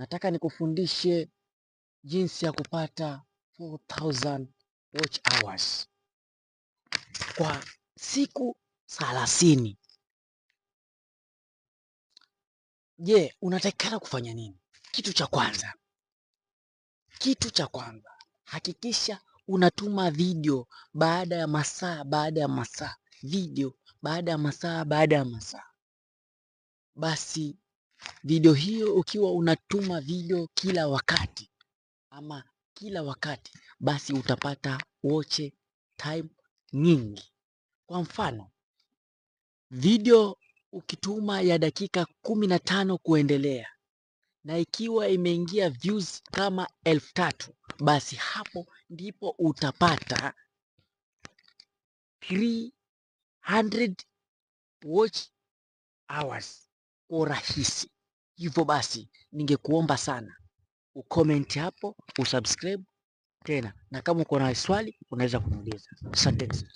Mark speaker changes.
Speaker 1: nataka nikufundishe jinsi ya kupata 4000 watch hours kwa siku 30. Je, unatakikana kufanya nini? Kitu cha kwanza, kitu cha kwanza hakikisha unatuma video baada ya masaa baada ya masaa, video baada ya masaa baada ya masaa, basi video hiyo ukiwa unatuma video kila wakati ama kila wakati, basi utapata watch time nyingi. Kwa mfano video ukituma ya dakika kumi na tano kuendelea na ikiwa imeingia views kama elfu tatu basi hapo ndipo utapata 300 watch hours urahisi. Hivyo basi, ningekuomba sana ukomenti hapo, usubscribe tena, na kama uko na swali unaweza kuniuliza. Asanteni sana.